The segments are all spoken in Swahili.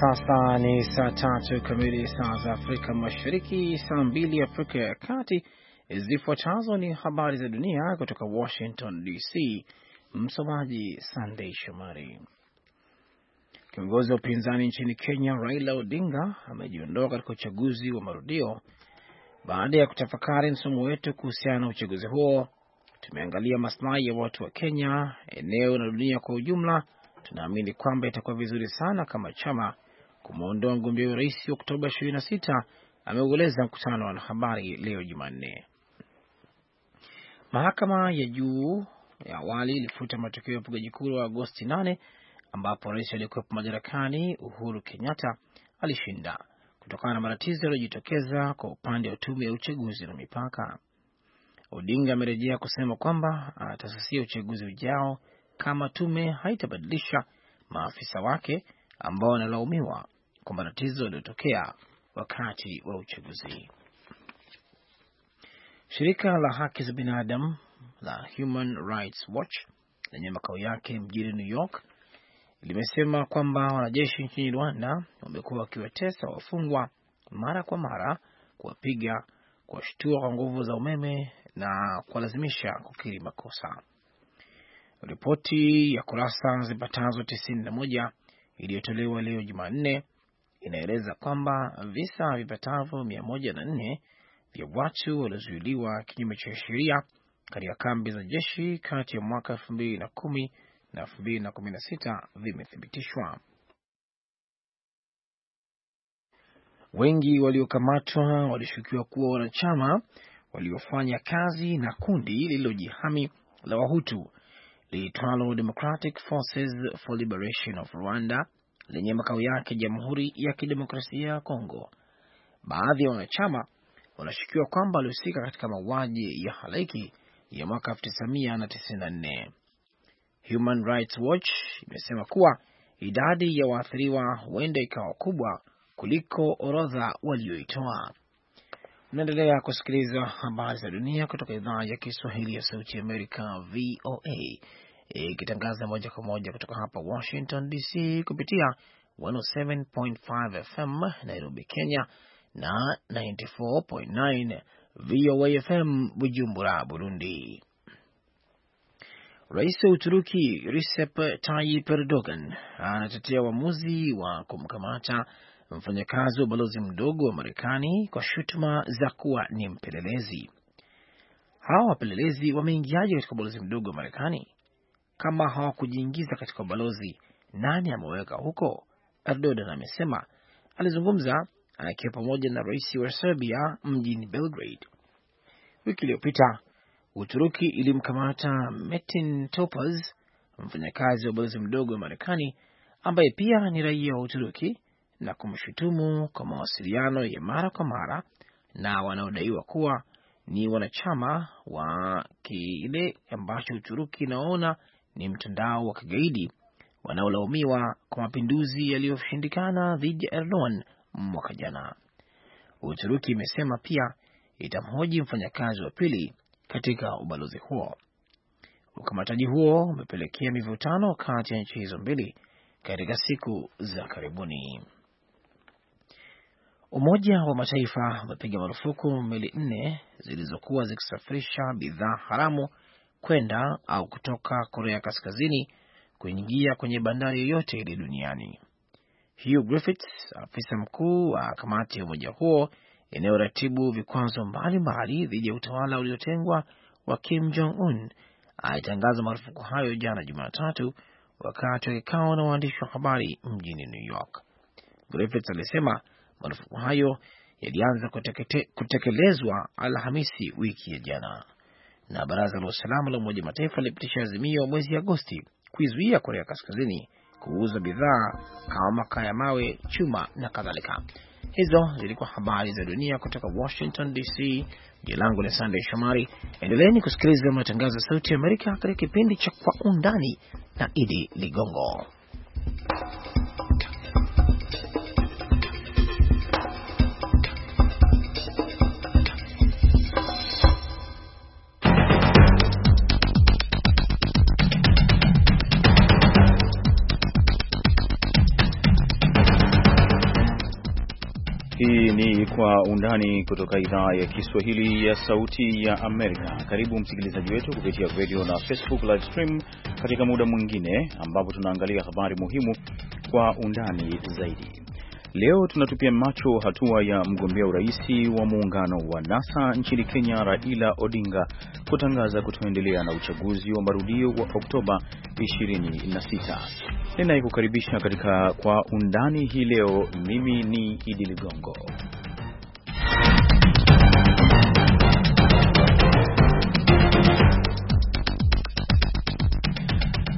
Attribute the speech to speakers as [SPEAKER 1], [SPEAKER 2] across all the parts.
[SPEAKER 1] sasa ni saa tatu kamili saa za Afrika Mashariki, saa mbili Afrika ya Kati. Zifuatazo ni habari za dunia kutoka Washington DC. Msomaji Sandei Shomari. Kiongozi wa upinzani nchini Kenya Raila Odinga amejiondoa katika uchaguzi wa marudio. Baada ya kutafakari msomo wetu kuhusiana na uchaguzi huo, tumeangalia maslahi ya watu wa Kenya, eneo na dunia kwa ujumla. Tunaamini kwamba itakuwa vizuri sana kama chama kumwondoa mgombea urais rais Oktoba 26, ameueleza mkutano wa wanahabari leo Jumanne. Mahakama ya juu ya awali ilifuta matokeo ya upigaji kura wa Agosti 8 ambapo rais aliyekuwepo madarakani Uhuru Kenyatta alishinda kutokana na matatizo yaliyojitokeza kwa upande wa tume ya uchaguzi na mipaka. Odinga amerejea kusema kwamba atasusia uchaguzi ujao kama tume haitabadilisha maafisa wake ambao wanalaumiwa kwa matatizo yaliyotokea wakati wa uchaguzi. Shirika la haki za binadamu la Human Rights Watch lenye makao yake mjini New York limesema kwamba wanajeshi nchini Rwanda wamekuwa wakiwatesa wafungwa mara kwa mara, kuwapiga, kuwashtua kwa nguvu za umeme na kuwalazimisha kukiri makosa. Ripoti ya kurasa zipatazo 91 iliyotolewa leo Jumanne inaeleza kwamba visa vipatavyo mia moja na nne vya watu waliozuiliwa kinyume cha sheria katika kambi za jeshi kati ya mwaka elfu mbili na kumi na elfu mbili na kumi na sita vimethibitishwa. Wengi waliokamatwa walishukiwa kuwa wanachama waliofanya kazi na kundi lililojihami la Wahutu liitwalo Democratic Forces for Liberation of Rwanda lenye makao yake Jamhuri ya Kidemokrasia ya Kongo. Baadhi ya wanachama wanashukiwa kwamba walihusika katika mauaji ya halaiki ya mwaka 1994. Human Rights Watch imesema kuwa idadi ya waathiriwa huenda ikawa kubwa kuliko orodha walioitoa. unaendelea kusikiliza habari za dunia kutoka idhaa ya Kiswahili ya Sauti ya Amerika, VOA, ikitangaza moja kwa moja kutoka hapa Washington DC kupitia 107.5 FM Nairobi, Kenya na 94.9 VOA FM Bujumbura, Burundi. Rais wa Uturuki Recep Tayyip Erdogan anatetea uamuzi wa kumkamata mfanyakazi wa balozi mdogo wa Marekani kwa shutuma za kuwa ni mpelelezi. Hawa wapelelezi wameingiaje katika ubalozi mdogo wa Marekani? kama hawakujiingiza katika ubalozi, nani ameweka huko? Erdogan amesema alizungumza akiwa pamoja na rais wa Serbia mjini Belgrade. Wiki iliyopita Uturuki ilimkamata Metin Topaz, mfanyakazi wa ubalozi mdogo wa Marekani ambaye pia ni raia wa Uturuki, na kumshutumu kwa mawasiliano ya mara kwa mara na wanaodaiwa kuwa ni wanachama wa kile ambacho Uturuki inaona ni mtandao wa kigaidi wanaolaumiwa kwa mapinduzi yaliyoshindikana dhidi ya Erdogan mwaka jana. Uturuki imesema pia itamhoji mfanyakazi wa pili katika ubalozi huo. Ukamataji huo umepelekea mivutano kati ya nchi hizo mbili katika siku za karibuni. Umoja wa Mataifa umepiga marufuku meli nne zilizokuwa zikisafirisha bidhaa haramu kwenda au kutoka Korea Kaskazini kuingia kwenye bandari yoyote ile duniani. Hugh Griffiths, afisa mkuu wa kamati ya umoja huo inayoratibu vikwazo mbalimbali dhidi ya utawala uliotengwa wa Kim Jong Un, alitangaza marufuku hayo jana Jumatatu wakati wa kikao na waandishi wa habari mjini New York. Griffiths alisema marufuku hayo yalianza kutekelezwa Alhamisi wiki ya jana na Baraza la Usalama la Umoja Mataifa lilipitisha azimio mwezi Agosti kuizuia Korea Kaskazini kuuza bidhaa kama makaa ya mawe, chuma na kadhalika. Hizo zilikuwa habari za dunia kutoka Washington DC. Jina langu ni Sandey Shomari. Endeleeni kusikiliza matangazo ya Sauti ya Amerika katika kipindi cha Kwa Undani na Idi Ligongo.
[SPEAKER 2] Kwa Undani kutoka idhaa ya Kiswahili ya Sauti ya Amerika. Karibu msikilizaji wetu kupitia radio na Facebook live stream katika muda mwingine ambapo tunaangalia habari muhimu kwa undani zaidi. Leo tunatupia macho hatua ya mgombea urais wa muungano wa NASA nchini Kenya, Raila Odinga kutangaza kutoendelea na uchaguzi wa marudio wa Oktoba 26. Ninayekukaribisha katika kwa undani hii leo mimi ni Idi Ligongo.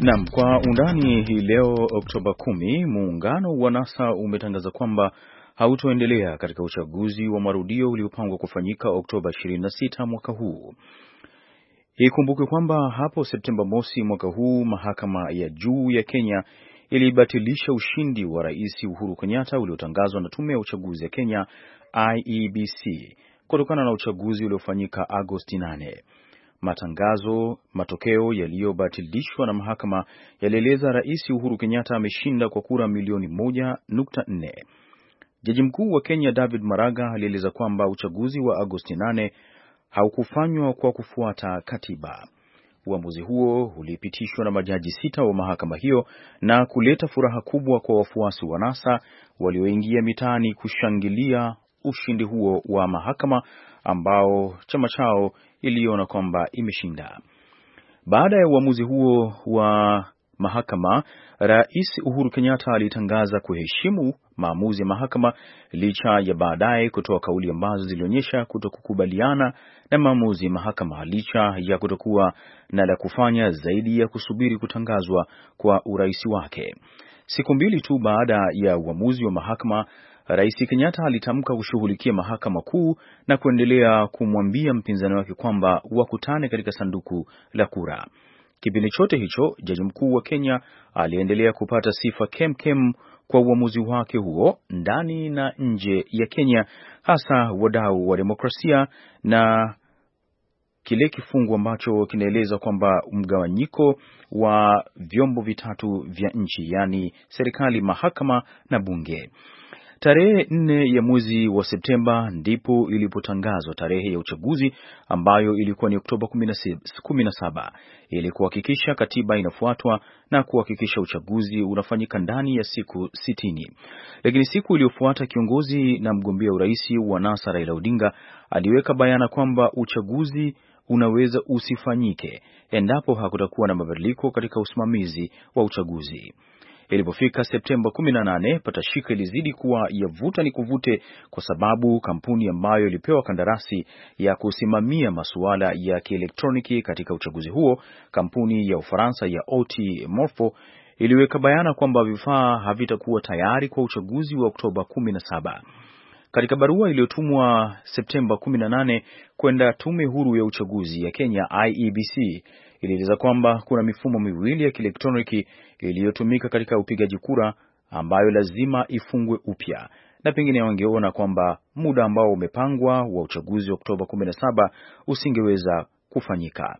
[SPEAKER 2] Naam, kwa undani hii leo Oktoba 10, muungano wa NASA umetangaza kwamba hautoendelea katika uchaguzi wa marudio uliopangwa kufanyika Oktoba 26 mwaka huu. Ikumbuke kwamba hapo Septemba mosi mwaka huu mahakama ya juu ya Kenya ilibatilisha ushindi wa Rais Uhuru Kenyatta uliotangazwa na tume ya uchaguzi ya Kenya IEBC kutokana na uchaguzi uliofanyika Agosti 8 matangazo. Matokeo yaliyobatilishwa na mahakama yalieleza Rais Uhuru Kenyatta ameshinda kwa kura milioni moja nukta nne. Jaji mkuu wa Kenya David Maraga alieleza kwamba uchaguzi wa Agosti 8 haukufanywa kwa kufuata katiba. Uamuzi huo ulipitishwa na majaji sita wa mahakama hiyo na kuleta furaha kubwa kwa wafuasi wa NASA walioingia mitaani kushangilia ushindi huo wa mahakama ambao chama chao iliona kwamba imeshinda. Baada ya uamuzi huo wa mahakama, Rais Uhuru Kenyatta alitangaza kuheshimu maamuzi ya mahakama, licha ya baadaye kutoa kauli ambazo zilionyesha kutokukubaliana na maamuzi ya mahakama, licha ya kutokuwa na la kufanya zaidi ya kusubiri kutangazwa kwa urais wake. Siku mbili tu baada ya uamuzi wa mahakama, Rais Kenyatta alitamka kushughulikia mahakama kuu na kuendelea kumwambia mpinzani wake kwamba wakutane katika sanduku la kura. Kipindi chote hicho jaji mkuu wa Kenya aliendelea kupata sifa kemkem kwa uamuzi wake huo ndani na nje ya Kenya, hasa wadau wa demokrasia na kile kifungu ambacho kinaeleza kwamba mgawanyiko wa vyombo vitatu vya nchi, yaani serikali, mahakama na bunge. Tarehe nne ya mwezi wa Septemba ndipo ilipotangazwa tarehe ya uchaguzi ambayo ilikuwa ni Oktoba 17 ili kuhakikisha katiba inafuatwa na kuhakikisha uchaguzi unafanyika ndani ya siku sitini. Lakini siku iliyofuata kiongozi na mgombea urais wa NASA Raila Odinga aliweka bayana kwamba uchaguzi unaweza usifanyike endapo hakutakuwa na mabadiliko katika usimamizi wa uchaguzi. Ilipofika Septemba 18, patashika ilizidi kuwa ya vuta ni kuvute, kwa sababu kampuni ambayo ilipewa kandarasi ya kusimamia masuala ya kielektroniki katika uchaguzi huo, kampuni ya Ufaransa ya OT Morpho iliweka bayana kwamba vifaa havitakuwa tayari kwa uchaguzi wa Oktoba 17. Katika barua iliyotumwa Septemba 18 kwenda Tume Huru ya Uchaguzi ya Kenya IEBC ilieleza kwamba kuna mifumo miwili ya kielektroniki iliyotumika katika upigaji kura ambayo lazima ifungwe upya, na pengine wangeona kwamba muda ambao umepangwa wa uchaguzi wa Oktoba 17 usingeweza kufanyika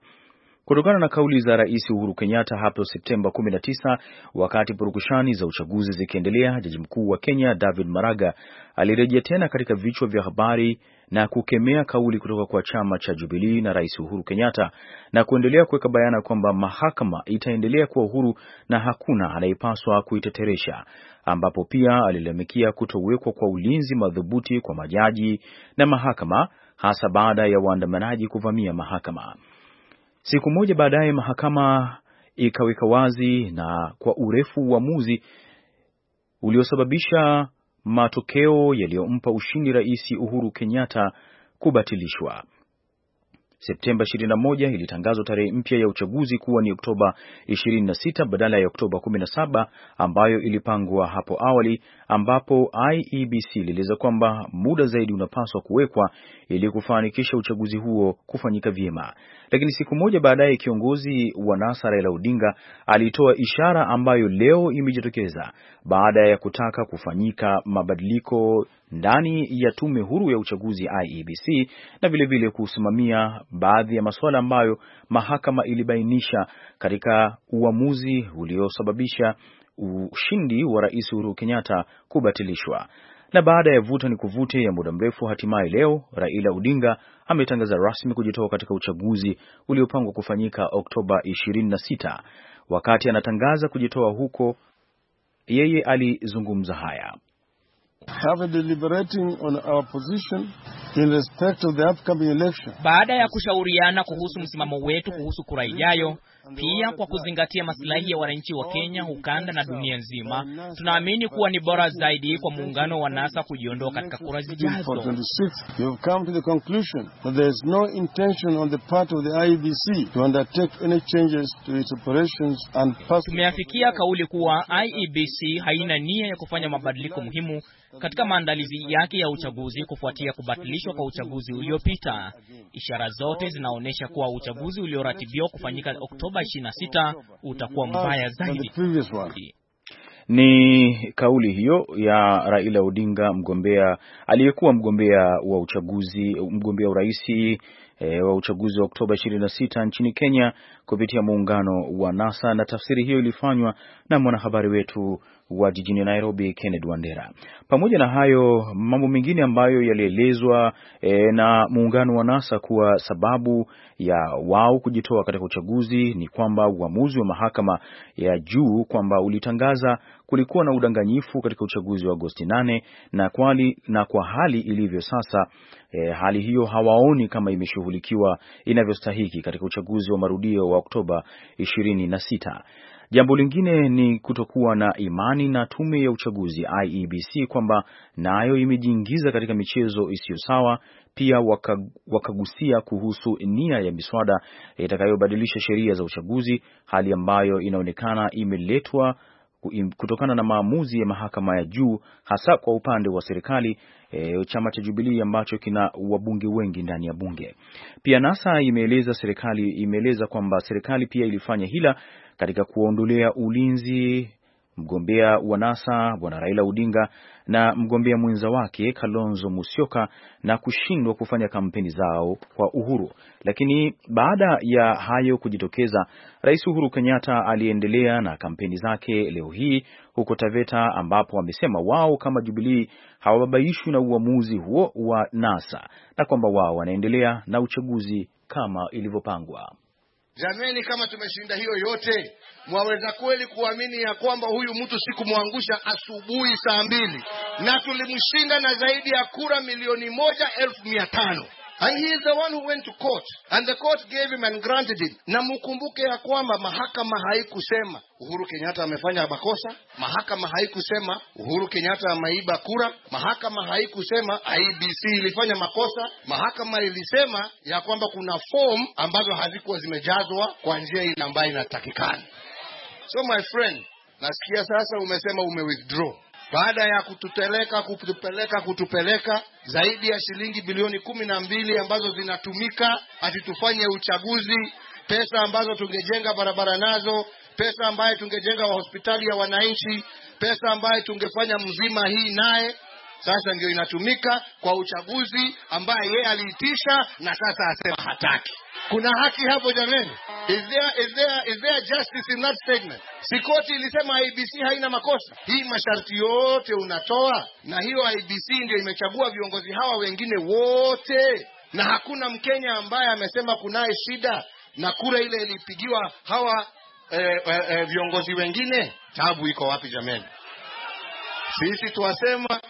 [SPEAKER 2] kutokana na kauli za Rais Uhuru Kenyatta hapo Septemba 19, wakati purukushani za uchaguzi zikiendelea. Jaji mkuu wa Kenya David Maraga alirejea tena katika vichwa vya habari na kukemea kauli kutoka kwa chama cha Jubilii na Rais Uhuru Kenyatta na kuendelea kuweka bayana kwamba mahakama itaendelea kuwa uhuru na hakuna anayepaswa kuiteteresha, ambapo pia alilalamikia kutowekwa kwa ulinzi madhubuti kwa majaji na mahakama, hasa baada ya waandamanaji kuvamia mahakama. Siku moja baadaye, mahakama ikaweka wazi na kwa urefu uamuzi uliosababisha matokeo yaliyompa ushindi Rais Uhuru Kenyatta kubatilishwa. Septemba 21 ilitangazwa tarehe mpya ya uchaguzi kuwa ni Oktoba 26 badala ya Oktoba 17 ambayo ilipangwa hapo awali, ambapo IEBC ilieleza kwamba muda zaidi unapaswa kuwekwa ili kufanikisha uchaguzi huo kufanyika vyema. Lakini siku moja baadaye kiongozi wa NASA Raila Odinga alitoa ishara ambayo leo imejitokeza baada ya kutaka kufanyika mabadiliko ndani ya Tume Huru ya Uchaguzi IEBC na vilevile kusimamia baadhi ya masuala ambayo mahakama ilibainisha katika uamuzi uliosababisha ushindi wa Rais Uhuru Kenyatta kubatilishwa. Na baada ya vuta ni kuvute ya muda mrefu, hatimaye leo Raila Odinga ametangaza rasmi kujitoa katika uchaguzi uliopangwa kufanyika Oktoba 26. Wakati anatangaza kujitoa huko, yeye alizungumza haya. Baada ya kushauriana kuhusu msimamo wetu kuhusu kura ijayo pia kwa kuzingatia masilahi ya wananchi wa Kenya, ukanda na dunia nzima, tunaamini kuwa ni bora zaidi kwa muungano wa NASA kujiondoa katika kura
[SPEAKER 3] zijazo. Tumeafikia kauli
[SPEAKER 2] kuwa IEBC haina nia ya kufanya mabadiliko muhimu katika maandalizi yake ya uchaguzi kufuatia kubatilishwa kwa uchaguzi uliopita. Ishara zote zinaonyesha kuwa uchaguzi ulioratibiwa kufanyika Oktoba Oktoba 26 utakuwa mbaya zaidi. Ni kauli hiyo ya Raila Odinga, mgombea aliyekuwa mgombea wa uchaguzi, mgombea urais e, wa uchaguzi wa Oktoba 26 nchini Kenya kupitia muungano wa NASA, na tafsiri hiyo ilifanywa na mwanahabari wetu wa jijini Nairobi, Kenneth Wandera. Pamoja na hayo, mambo mengine ambayo yalielezwa e, na muungano wa NASA kuwa sababu ya wao kujitoa katika uchaguzi ni kwamba uamuzi wa mahakama ya juu kwamba ulitangaza kulikuwa na udanganyifu katika uchaguzi wa Agosti 8 na, kwali, na kwa hali ilivyo sasa e, hali hiyo hawaoni kama imeshughulikiwa inavyostahiki katika uchaguzi wa marudio wa Oktoba 26. Jambo lingine ni kutokuwa na imani na tume ya uchaguzi IEBC kwamba nayo imejiingiza katika michezo isiyo sawa. Pia wakagusia kuhusu nia ya miswada itakayobadilisha sheria za uchaguzi, hali ambayo inaonekana imeletwa kutokana na maamuzi ya mahakama ya juu, hasa kwa upande wa serikali e, chama cha jubilii ambacho kina wabunge wengi ndani ya bunge. Pia NASA imeeleza serikali imeeleza kwamba serikali pia ilifanya hila katika kuondolea ulinzi mgombea wa NASA Bwana Raila Odinga na mgombea mwenza wake Kalonzo Musyoka na kushindwa kufanya kampeni zao kwa uhuru. Lakini baada ya hayo kujitokeza, Rais Uhuru Kenyatta aliendelea na kampeni zake leo hii huko Taveta, ambapo amesema wao kama jubilii hawababaishwi na uamuzi huo wa NASA na kwamba wao wanaendelea na uchaguzi kama ilivyopangwa
[SPEAKER 4] jameni kama tumeshinda hiyo yote mwaweza kweli kuamini ya kwamba huyu mtu sikumwangusha asubuhi saa mbili na tulimshinda na zaidi ya kura milioni moja elfu mia tano And he is the one who went to court and the court gave him and granted him. Na mukumbuke ya kwamba mahakama haikusema Uhuru Kenyatta amefanya makosa, mahakama haikusema Uhuru Kenyatta ameiba kura, mahakama haikusema IBC ilifanya makosa. Mahakama ilisema ya kwamba kuna form ambazo hazikuwa zimejazwa kwa njia ile ambayo inatakikana. So my friend, nasikia sasa umesema ume withdraw baada ya kutupeleka kutupeleka kutupeleka zaidi ya shilingi bilioni kumi na mbili ambazo zinatumika hati uchaguzi, pesa ambazo tungejenga barabara nazo, pesa ambayo tungejenga wa hospitali ya wananchi, pesa ambayo tungefanya mzima hii naye sasa ndio inatumika kwa uchaguzi ambaye yeye aliitisha na sasa asema hataki. Kuna haki hapo jameni? Is there, is there, is there justice in that statement? sikoti ilisema IBC haina makosa? Hii masharti yote unatoa, na hiyo IBC ndio imechagua viongozi hawa wengine wote, na hakuna Mkenya ambaye amesema kunaye shida na kura ile ilipigiwa hawa eh, eh, eh viongozi wengine. Tabu iko wapi jameni? Sisi tuwasema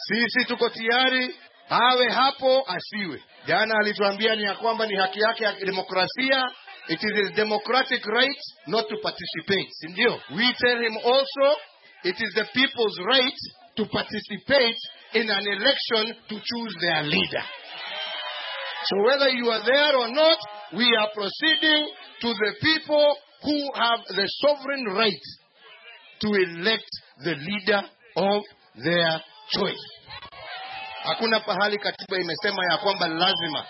[SPEAKER 4] Sisi tuko tayari, awe hapo asiwe. Jana alituambia ni ya kwamba ni haki yake ya demokrasia It is his democratic right not to participate. Sindio? We tell him also it is the people's right to participate in an election to choose their leader. So whether you are there or not, we are proceeding to the people who have the sovereign right to elect the leader of their choice. Hakuna pahali katiba imesema ya kwamba lazima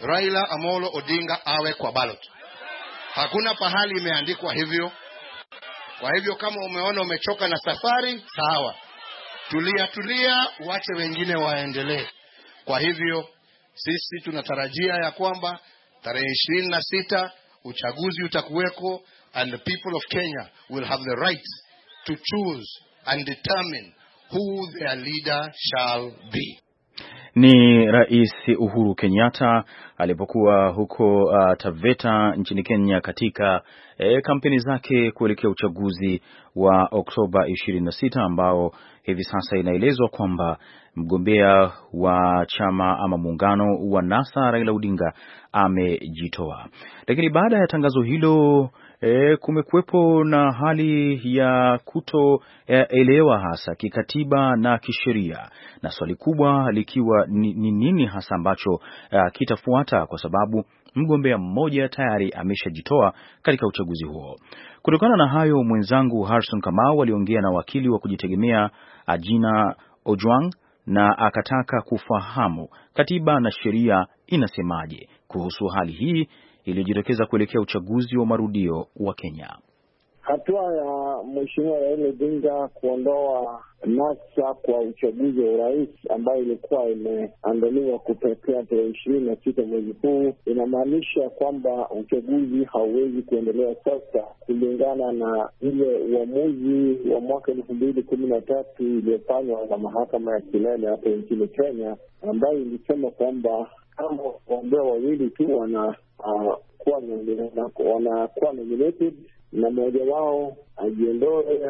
[SPEAKER 4] Raila Amolo Odinga awe kwa ballot. Hakuna pahali imeandikwa hivyo. Kwa hivyo kama umeona umechoka na safari, sawa, tulia tulia, wache wengine waendelee. Kwa hivyo sisi tunatarajia ya kwamba tarehe ishirini na sita uchaguzi utakuweko, and the people of Kenya will have the right to choose and determine who their leader shall be.
[SPEAKER 2] Ni Rais Uhuru Kenyatta alipokuwa huko uh, Taveta nchini Kenya katika e, kampeni zake kuelekea uchaguzi wa Oktoba 26 ambao hivi sasa inaelezwa kwamba mgombea wa chama ama muungano wa NASA Raila Odinga amejitoa. Lakini baada ya tangazo hilo e, kumekuwepo na hali ya kutoelewa e, hasa kikatiba na kisheria, na swali kubwa likiwa ni, ni nini hasa ambacho e, kitafuata kwa sababu mgombea mmoja tayari ameshajitoa katika uchaguzi huo. Kutokana na hayo, mwenzangu Harrison Kamau aliongea na wakili wa kujitegemea Ajina Ojwang na akataka kufahamu katiba na sheria inasemaje kuhusu hali hii iliyojitokeza kuelekea uchaguzi wa marudio wa Kenya.
[SPEAKER 5] Hatua ya Mheshimiwa Raila Odinga kuondoa NASA kwa uchaguzi wa urais ambayo ilikuwa imeandaliwa kutokea tarehe ishirini na sita mwezi huu inamaanisha kwamba uchaguzi hauwezi kuendelea sasa, kulingana na ile uamuzi wa mwaka elfu mbili kumi na tatu iliyofanywa na mahakama ya kilele hapo nchini Kenya ambayo ilisema kwamba kama wagombea wawili tu wanakuwa ah, wanakuwa nominated na mmoja wao ajiondoe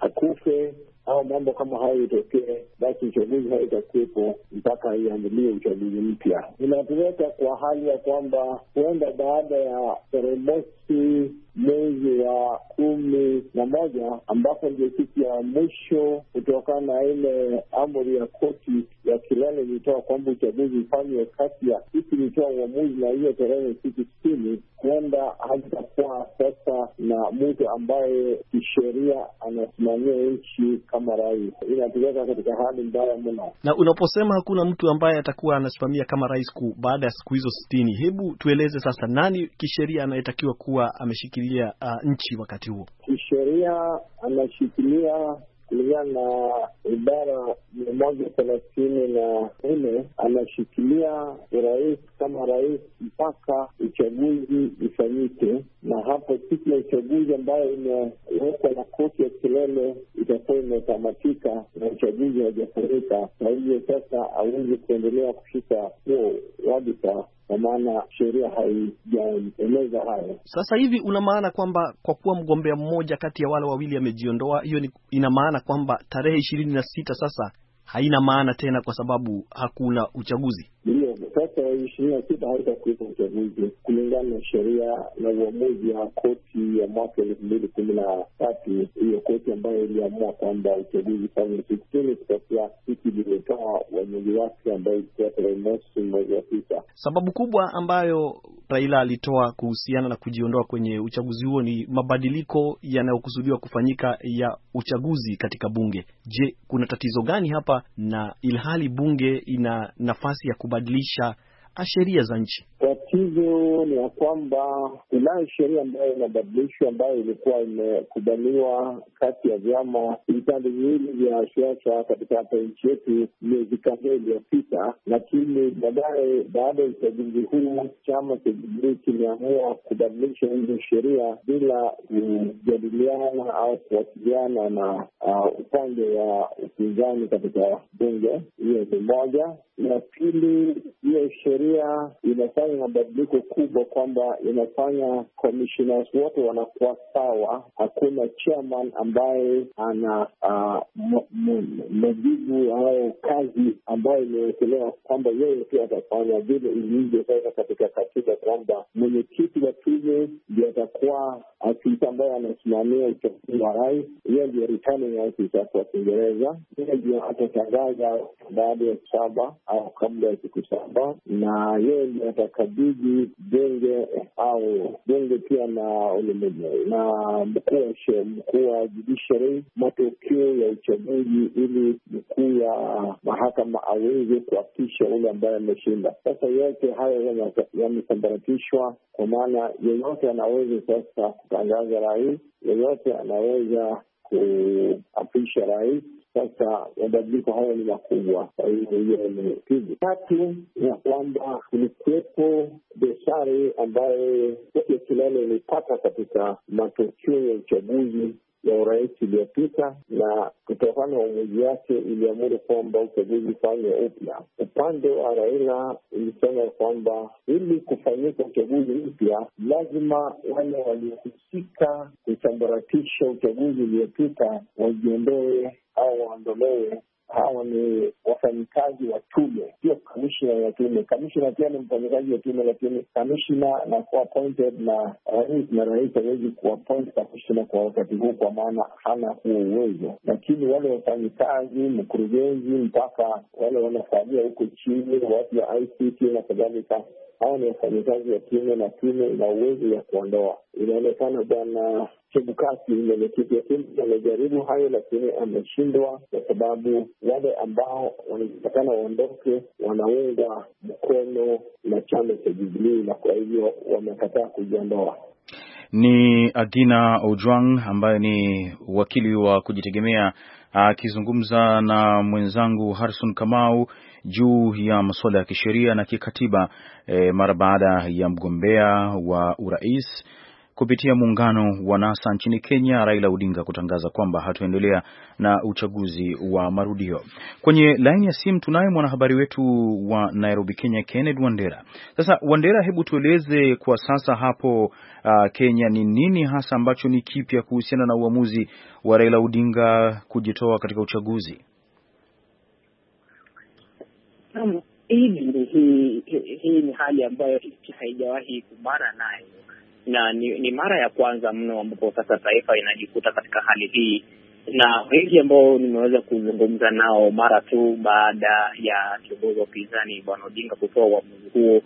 [SPEAKER 5] akufe au mambo kama hayo itokee, basi uchaguzi haitakuwepo mpaka iandilie uchaguzi mpya. inatuweka kwa hali ya kwamba huenda baada ya tarehe mosi mwezi wa kumi na moja ambapo ndio siku ya mwisho kutokana na ile amri ya koti ya kilele ilitoa kwamba uchaguzi ufanywe kati ya sisi ilitoa uamuzi na hiyo tarehe siku sitini kwenda hazitakuwa sasa na mtu ambaye kisheria anasimamia nchi kama rais. Inatuweka katika hali mbaya mno,
[SPEAKER 2] na unaposema hakuna mtu ambaye atakuwa anasimamia kama rais ku baada ya siku hizo sitini, hebu tueleze sasa, nani kisheria anayetakiwa kuwa ameshikilia uh, nchi wakati huo?
[SPEAKER 5] Kisheria anashikilia kulingana na idara mia moja thelathini na nne anashikilia urais kama rais mpaka uchaguzi ifanyike, na hapo siku ya uchaguzi ambayo imewekwa na koti ya kilele itakuwa imetamatika na uchaguzi haujafanyika. Kwa hivyo sasa awezi kuendelea kushika huo wadhifa kwa maana sheria haijaeleza hayo.
[SPEAKER 2] Sasa hivi una maana kwamba kwa kuwa mgombea mmoja kati ya wale wawili amejiondoa, hiyo ina maana kwamba tarehe ishirini na sita sasa haina maana tena kwa sababu hakuna uchaguzi.
[SPEAKER 5] Ndio sasa ishirini na sita haitakuwepo uchaguzi kulingana na sheria na uamuzi wa koti ya mwaka elfu mbili kumi na tatu, hiyo koti ambayo iliamua kwamba uchaguzi kutokea siku iliyotoa uamuzi wake ambayo ilikuwa tarehe mosi mwezi wa sita.
[SPEAKER 2] Sababu kubwa ambayo Raila alitoa kuhusiana na kujiondoa kwenye uchaguzi huo ni mabadiliko yanayokusudiwa kufanyika ya uchaguzi katika bunge. Je, kuna tatizo gani hapa na ilhali bunge ina nafasi ya kubadilisha sheria za nchi?
[SPEAKER 5] Tatizo ni ya kwamba kunayo sheria ambayo inabadilishwa ambayo ilikuwa imekubaliwa kati ya vyama vipande viwili vya siasa katika hapa nchi yetu miezi kadhaa iliyopita, lakini baadaye, baada ya uchaguzi huu, chama cha Jubilii kimeamua kubadilisha hizo sheria bila kujadiliana au kuwasiliana na uh, upande wa upinzani katika bunge. Hiyo ni moja, na pili hiyo sheria dunia inafanya mabadiliko kubwa, kwamba inafanya commissioners wote wanakuwa sawa. Hakuna chairman ambaye ana ah, majibu au kazi ambayo imewekelewa kwamba yeye pia atafanya vile ilivyo sasa katika katiba, kwamba mwenyekiti wa tume ndio atakuwa afisa ambaye anasimamia uchaguzi wa rais. Yeye ndio returning officer kwa Kiingereza. yeye ndio atatangaza baada ya saba au kabla ya siku saba na na yeye ndio atakabidhi bunge au bunge pia na na mkuu wa judiciary matokeo ya uchaguzi, ili mkuu ya mahakama aweze kuapisha ule ambaye ameshinda. Sasa yote hayo yamesambaratishwa, kwa maana yeyote anaweza sasa kutangaza rais, yeyote anaweza kuapisha rais sasa mabadiliko hayo ni makubwa, kwa hiyo hiyo ni pigo. Tatu ya kwamba kulikuwepo dosari ambayo Kilalo ilipata katika matokeo ya uchaguzi ya urais iliyopita, na kutokana na uamuzi wake iliamuru kwamba uchaguzi ufanywe upya. Upande wa Raila ulisema kwamba ili kufanyika uchaguzi mpya, lazima wale waliohusika kusambaratisha uchaguzi uliopita wajiondoe au waondolewe hawa ni wafanyikazi wa tume, sio kamishina ya tume. Kamishina pia ni mfanyikazi wa tume, lakini kamishina anakuwa appointed na rais, na rais hawezi kuappoint kamishina kwa wakati huu, kwa maana hana huo uwezo. Lakini wale wafanyikazi, mkurugenzi, mpaka wale wanasalia huko chini, watu wa ICT na kadhalika hawa ni wafanyikazi wa kiume na timu ina uwezo ya kuondoa. Inaonekana bwana Chebukati, mwenyekiti wa timu, amejaribu hayo lakini ameshindwa, kwa sababu wale ambao wanatakana waondoke wanaunga mkono na chama cha Jubilii na kwa hivyo wamekataa kujiondoa.
[SPEAKER 2] Ni Agina Ojwang ambaye ni wakili wa kujitegemea akizungumza na mwenzangu Harrison Kamau juu ya masuala ya kisheria na kikatiba e, mara baada ya mgombea wa urais kupitia muungano wa NASA nchini Kenya Raila Odinga kutangaza kwamba hatuendelea na uchaguzi wa marudio. Kwenye laini ya simu tunaye mwanahabari wetu wa Nairobi, Kenya, Kenneth Wandera. Sasa Wandera, hebu tueleze kwa sasa hapo uh, Kenya ni nini hasa ambacho ni kipya kuhusiana na uamuzi wa Raila Odinga kujitoa katika uchaguzi?
[SPEAKER 3] Naam, hii hii ni hali ambayo haijawahi kumbana nayo na ni, ni mara ya kwanza mno ambapo sasa taifa inajikuta katika hali hii, na wengi ambao nimeweza kuzungumza nao mara tu baada ya kiongozi wa upinzani Bwana Odinga kutoa uamuzi huo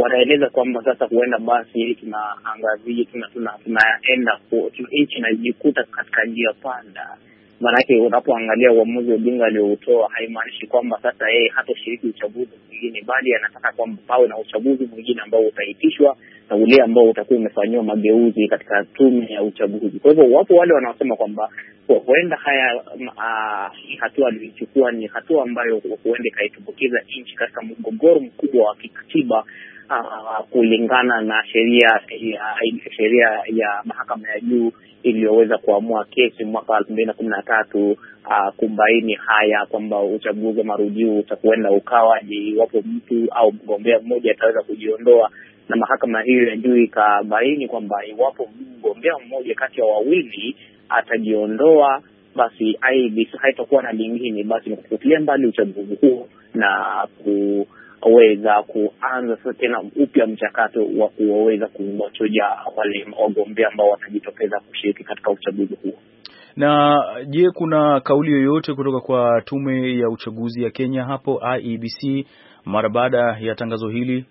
[SPEAKER 3] wanaeleza kwamba sasa huenda basi tunaangazia tunaenda tuna, tuna, tuna, tuna, nchi inajikuta katika njia panda Maanake unapoangalia uamuzi wa Odinga aliyoutoa haimaanishi kwamba sasa yeye hatoshiriki uchaguzi mwingine, bali anataka kwamba pawe na uchaguzi mwingine ambao utaitishwa na ule ambao utakuwa umefanyiwa mageuzi katika tume ya uchaguzi. Kwa hivyo wapo wale wanaosema kwamba huenda haya ah, hii hatua aliyoichukua ni hatua ambayo huenda ikaitumbukiza nchi katika mgogoro mkubwa wa kikatiba uh, kulingana na sheria ya sheria ya mahakama ya juu iliyoweza kuamua kesi mwaka elfu mbili na kumi na tatu uh, kubaini haya kwamba uchaguzi wa marudiu utakuenda ukawaje iwapo mtu au mgombea mmoja ataweza kujiondoa na mahakama hiyo ya juu ikabaini kwamba iwapo mgombea mmoja kati ya wawili atajiondoa, basi haitakuwa na lingine, basi ni kufutilia mbali uchaguzi huo na ku kuweza kuanza sasa tena upya mchakato wa kuwaweza kuwachuja wale wagombea ambao watajitokeza kushiriki katika uchaguzi huo.
[SPEAKER 2] Na je, kuna kauli yoyote kutoka kwa tume ya uchaguzi ya Kenya hapo IEBC mara baada ya tangazo hili?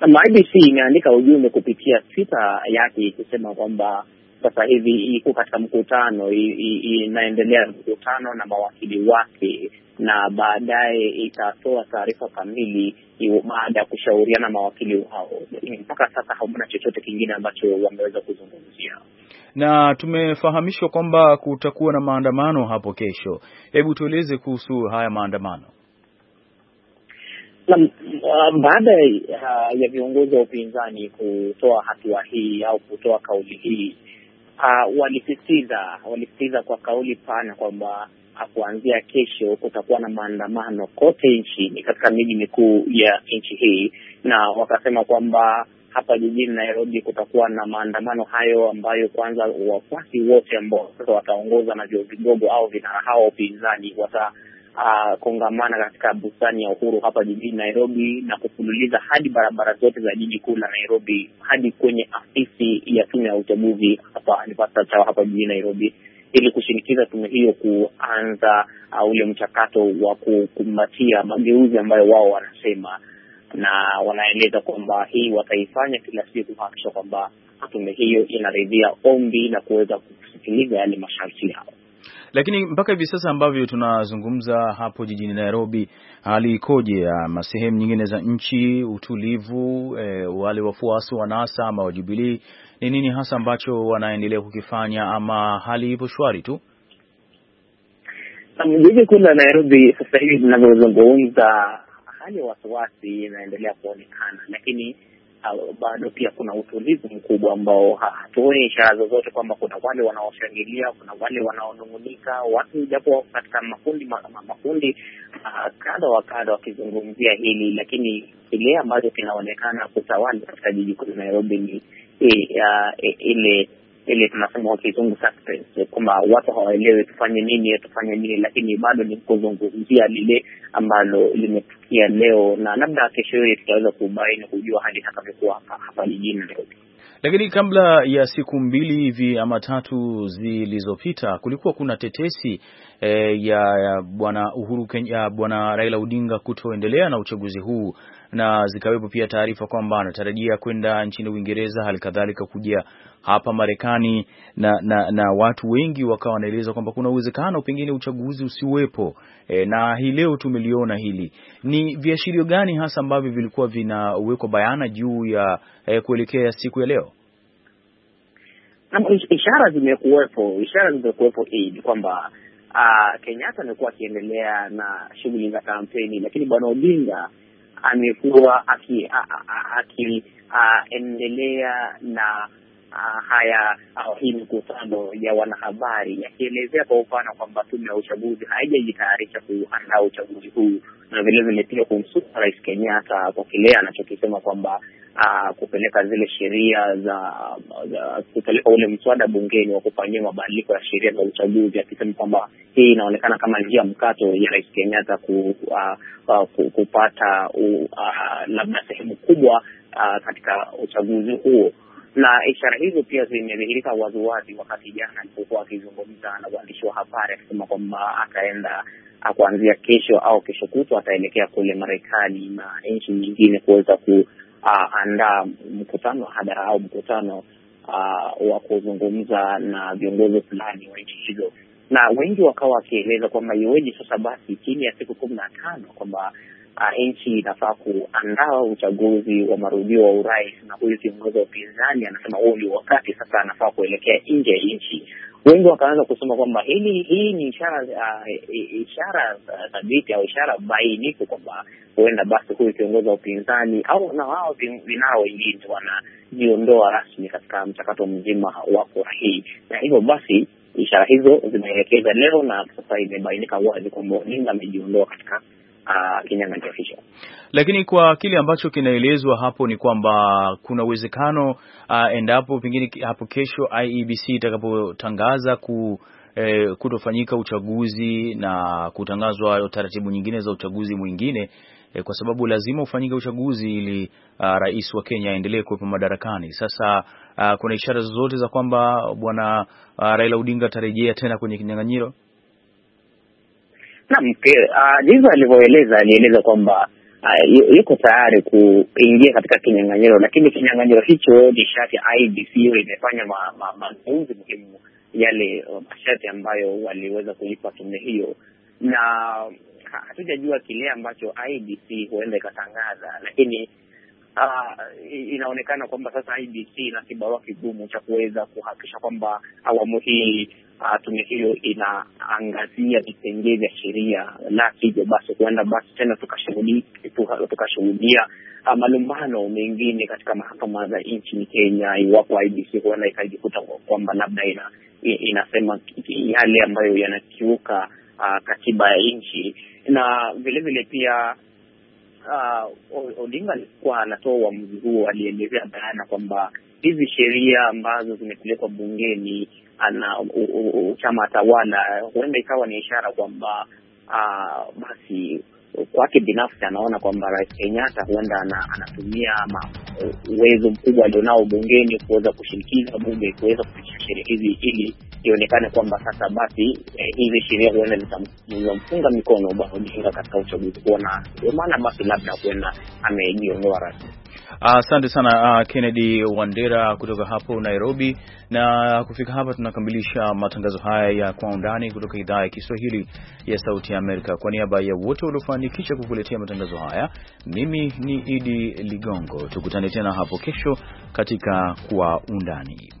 [SPEAKER 5] Na IEBC
[SPEAKER 3] imeandika ujumbe kupitia Twitter yake ikisema kwamba sasa hivi iko katika mkutano, inaendelea mkutano na mawakili wake na baadaye itatoa taarifa kamili baada ya kushauriana mawakili wao Lakini mpaka sasa hamna chochote kingine ambacho wameweza kuzungumzia,
[SPEAKER 2] na tumefahamishwa kwamba kutakuwa na maandamano hapo kesho. Hebu tueleze kuhusu haya maandamano.
[SPEAKER 3] Na, uh, baada uh, ya viongozi wa upinzani kutoa hatua hii au kutoa kauli hii uh, walisisitiza walisisitiza kwa kauli pana kwamba kuanzia kesho kutakuwa na maandamano kote nchini katika miji mikuu ya nchi hii, na wakasema kwamba hapa jijini Nairobi kutakuwa na maandamano hayo ambayo kwanza wafuasi wote ambao sasa wataongoza na vio vigogo au vinara hao upinzani wata Uh, kongamana katika bustani ya Uhuru hapa jijini Nairobi na kufululiza hadi barabara zote za jiji kuu la Nairobi hadi kwenye afisi ya tume ya uchaguzi hapa hapa jijini Nairobi ili kushinikiza tume hiyo kuanza uh, ule mchakato wa kukumbatia mageuzi ambayo wao wanasema na wanaeleza kwamba hii wataifanya kila siku kuhakikisha kwamba tume hiyo inaridhia ombi na kuweza kusikiliza yale masharti yao.
[SPEAKER 2] Lakini mpaka hivi sasa ambavyo tunazungumza hapo jijini Nairobi, hali ikoje? ya sehemu nyingine za nchi, utulivu? E, wale wafuasi wa NASA ama wa Jubilee ni nini hasa ambacho wanaendelea kukifanya ama hali ipo shwari tu?
[SPEAKER 3] Jiji kuu la Nairobi sasa hivi tunavyozungumza, hali ya wasiwasi inaendelea kuonekana, lakini uh, bado pia kuna utulivu mkubwa ambao hatuoni ishara zozote kwamba kuna wale wanaoshangilia, kuna wale wanaonung'unika, watu japo katika makundi ma, ma, makundi uh, kadha wa kadha wakizungumzia hili, lakini kile ambacho kinaonekana kutawali katika jiji kuu la Nairobi ni ile ile tunasema kwa kizungu kwamba watu hawaelewi tufanye nini tufanye nini, lakini bado ni kuzungumzia lile ambalo limetukia leo, na labda kesho hiyo tutaweza kubaini kujua hali itakavyokuwa hapa hapa jijini Nairobi.
[SPEAKER 2] Lakini kabla ya siku mbili hivi ama tatu zilizopita, kulikuwa kuna tetesi eh, ya bwana Uhuru Kenya, bwana Raila Odinga kutoendelea na uchaguzi huu na zikawepo pia taarifa kwamba anatarajia kwenda nchini Uingereza, halikadhalika kuja hapa Marekani na, na, na watu wengi wakawa wanaeleza kwamba kuna uwezekano pengine uchaguzi usiwepo e, na hii leo tumeliona hili. Ni viashirio gani hasa ambavyo vilikuwa vinawekwa bayana juu ya e, kuelekea siku ya leo?
[SPEAKER 3] Ishara zimekuwepo, ishara zimekuwepo hii kwamba ah, Kenyatta amekuwa akiendelea na shughuli za kampeni, lakini bwana Odinga amekuwa akiendelea na a, haya hii mikutano ya wanahabari yakielezea kwa upana kwamba tume ya uchaguzi haijajitayarisha kuandaa uchaguzi huu na vilevile pia kumsuka Rais Kenyatta kwa kile anachokisema kwamba Ah, kupeleka zile sheria za, za kupeleka ule mswada bungeni wa kufanyia mabadiliko ya sheria za uchaguzi, akisema kwamba hii inaonekana kama njia mkato ya Rais Kenyatta ku, ah, ah, kupata labda sehemu kubwa uh, katika uchaguzi huo na ishara hizo pia zimedhihirika waziwazi wakati jana alipokuwa akizungumza na waandishi wa habari akisema kwamba ataenda kuanzia kesho au kesho kutwa ataelekea kule Marekani na nchi nyingine kuweza ku, uh, ah, andaa mkutano wa hadhara au mkutano uh, wa kuzungumza na viongozi fulani wa nchi hizo, na wengi wakawa wakieleza kwamba iweje sasa basi chini ya siku kumi na tano kwamba Uh, nchi inafaa kuandaa uchaguzi wa marudio wa urais, na huyu kiongozi wa upinzani anasema huu ndio wakati sasa anafaa kuelekea nje ya nchi wengi wakaanza kusema kwamba hili hii ni ishara ah, ishara ah, thabiti au ishara bainifu kwamba huenda basi huyu kiongozi wa upinzani au na wao vinao wengine wanajiondoa rasmi katika mchakato mzima wa kura hii, na hivyo basi ishara hizo zimeelekeza leo na sasa imebainika wazi kwamba Odinga amejiondoa katika Uh, kinyanganyiro hicho
[SPEAKER 2] Lakini kwa kile ambacho kinaelezwa hapo ni kwamba kuna uwezekano uh, endapo pengine hapo kesho IEBC itakapotangaza ku E, kutofanyika uchaguzi na kutangazwa taratibu nyingine za uchaguzi mwingine e, kwa sababu lazima ufanyike uchaguzi ili a, uh, rais wa Kenya aendelee kuwepo madarakani. Sasa a, uh, kuna ishara zozote za kwamba bwana Raila Odinga atarejea tena kwenye kinyang'anyiro?
[SPEAKER 3] Naam, ah, jinsi alivyoeleza, alieleza kwamba uh, yuko tayari kuingia katika kinyang'anyiro, lakini kinyang'anyiro hicho ni sharti IBC imefanya mageuzi ma, muhimu yale uh, masharti ambayo waliweza kuipa tume hiyo, na hatujajua kile ambacho IBC huenda ikatangaza, lakini uh, inaonekana kwamba sasa IBC ina kibarua kigumu cha kuweza kuhakikisha kwamba awamu hii tume hiyo inaangazia vipengee vya sheria, la sivyo basi huenda basi tena tukashuhudia ah, malumbano mengine katika mahakama za nchini Kenya, iwapo IBC huenda ikajikuta kwamba labda ina, inasema yale ambayo yanakiuka uh, katiba ya nchi na vilevile vile pia uh, Odinga alikuwa anatoa uamuzi huo, alielezea bayana kwamba hizi sheria ambazo zimepelekwa bungeni ana chama tawala, huenda ikawa ni ishara kwamba ah, basi kwake binafsi anaona kwamba Rais Kenyatta huenda anatumia ama uwezo mkubwa alionao bungeni kuweza kushinikiza bunge kuweza kupitisha sheria hizi ili ionekane kwamba sasa basi eh, hizi sheria huenda zitamfunga mikono Bwana Odinga katika uchaguzi huo, na ndio maana basi labda huenda amejiondoa rasmi.
[SPEAKER 2] Ah, asante uh, sana uh, Kennedy Wandera kutoka hapo Nairobi. Na kufika hapa tunakamilisha matangazo haya ya kwa undani kutoka idhaa ya Kiswahili ya Sauti ya Amerika. Kwa niaba ya wote waliofanikisha kukuletea matangazo haya, mimi ni Idi Ligongo. Tukutane tena hapo kesho katika kwa undani.